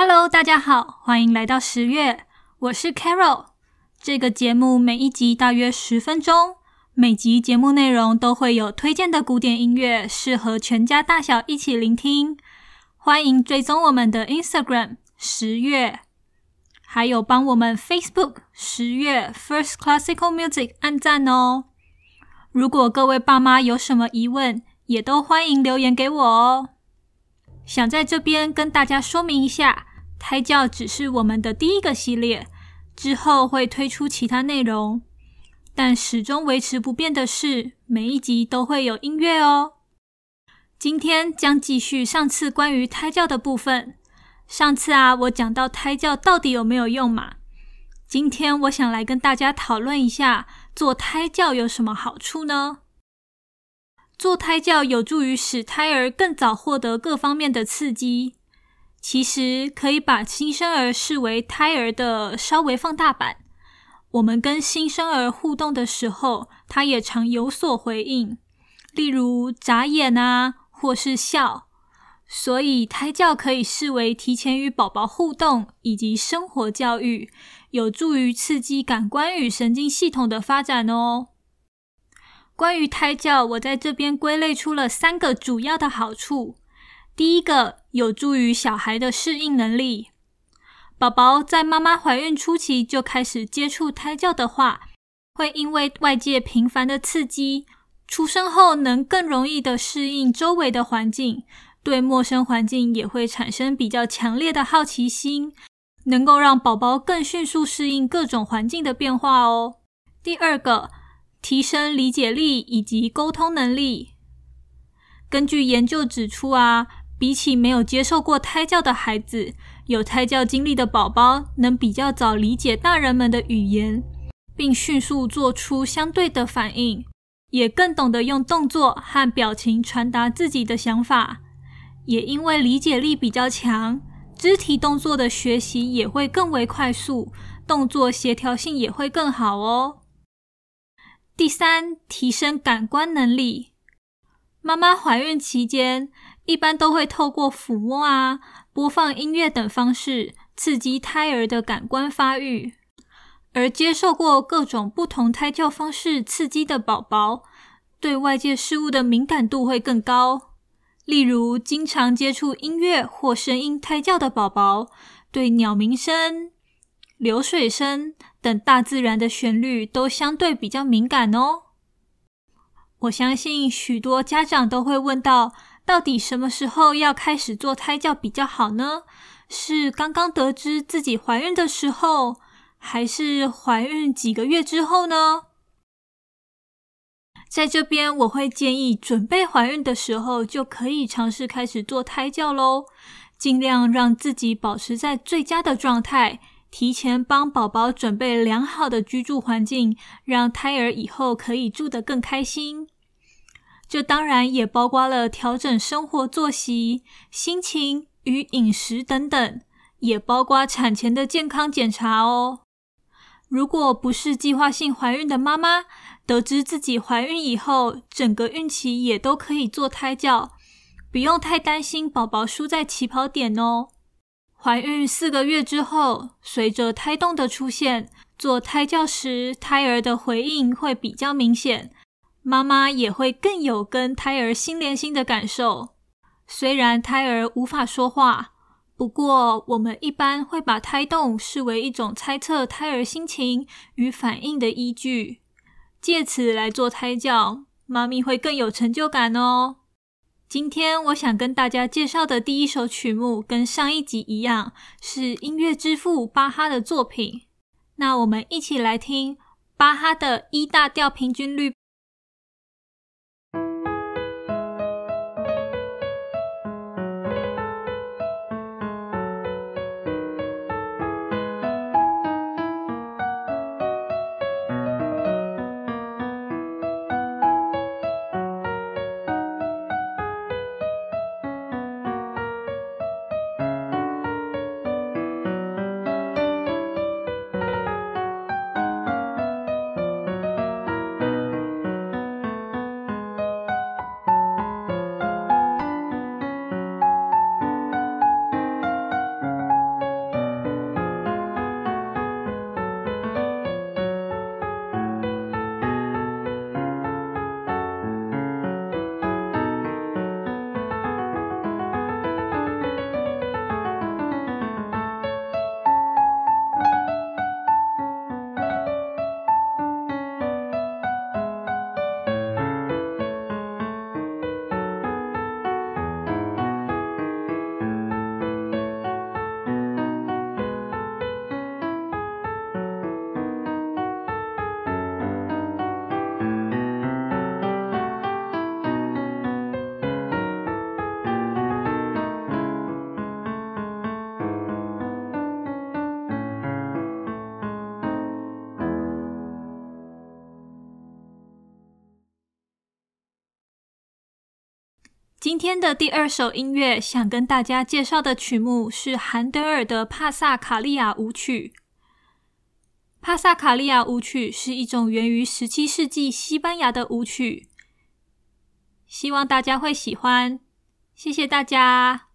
Hello，大家好，歡迎來到十月。我是 Carol。這個節目每一集大約十分鐘，每集節目內容都會有推薦的古典音樂，適合全家大小一起聆聽。歡迎追蹤我們的 Instagram 十月，還有幫我們 Facebook 十月 First Classical Music 按讚哦。如果各位爸媽有什麼疑問，也都歡迎留言給我哦。想在這邊跟大家說明一下。胎教只是我們的第一個系列，之後會推出其他內容，但始終維持不變的是，每一集都會有音樂哦。今天將繼續上次關於胎教的部分。上次啊，我講到胎教到底有沒有用嘛？今天我想來跟大家討論一下，做胎教有什麼好處呢？做胎教有助於使胎兒更早獲得各方面的刺激。其實可以把新生兒視為胎兒的稍微放大版。我們跟新生兒互動的時候，他也常有所回應，例如眨眼啊，或是笑。所以胎教可以視為提前與寶寶互動，以及生活教育，有助於刺激感官與神經系統的發展哦。關於胎教，我在這邊歸類出了三個主要的好處。第一個有助於小孩的適應能力。寶寶在媽媽懷孕初期就開始接觸胎教的話，會因為外界頻繁的刺激，出生後能更容易的適應周圍的環境，對陌生環境也會產生比較強烈的好奇心，能夠讓寶寶更迅速適應各種環境的變化哦。第二個，提升理解力以及溝通能力。根據研究指出啊，比起沒有接受過胎教的孩子，有胎教經歷的寶寶能比較早理解大人們的語言，並迅速做出相對的反應，也更懂得用動作和表情傳達自己的想法。也因為理解力比較強，肢體動作的學習也會更為快速，動作協調性也會更好哦。第三，提升感官能力。媽媽懷孕期間，一般都會透過撫摸啊、播放音樂等方式刺激胎兒的感官發育，而接受過各種不同胎教方式刺激的寶寶，對外界事物的敏感度會更高。例如，經常接觸音樂或聲音胎教的寶寶，對鳥鳴聲、流水聲等大自然的旋律都相對比較敏感哦。我相信許多家長都會問到，到底什麼時候要開始做胎教比較好呢？是剛剛得知自己懷孕的時候，還是懷孕幾個月之後呢？在這邊我會建議準備懷孕的時候就可以嘗試開始做胎教嘍，盡量讓自己保持在最佳的狀態，提前幫寶寶準備良好的居住環境，讓胎兒以後可以住得更開心。這當然也包括了調整生活作息、心情與飲食等等，也包括產前的健康檢查哦。如果不是計劃性懷孕的媽媽，得知自己懷孕以後，整個孕期也都可以做胎教，不用太擔心寶寶輸在起跑點哦。懷孕四個月之後，隨着胎動的出現，做胎教時，胎兒的回應會比較明顯。媽媽也會更有跟胎兒心連心的感受。雖然胎兒無法說話，不過我們一般會把胎動視為一種猜測胎兒心情與反應的依據，借此來做胎教，媽咪會更有成就感哦。今天我想跟大家介紹的第一首曲目，跟上一集一樣，是音樂之父巴哈的作品。那我們一起來聽巴哈的 E 大調平均律。今天的第二首音樂，想跟大家介紹的曲目是韓德爾的《帕薩卡利亞舞曲》。帕薩卡利亞舞曲是一種源於十七世紀西班牙的舞曲，希望大家會喜歡。謝謝大家。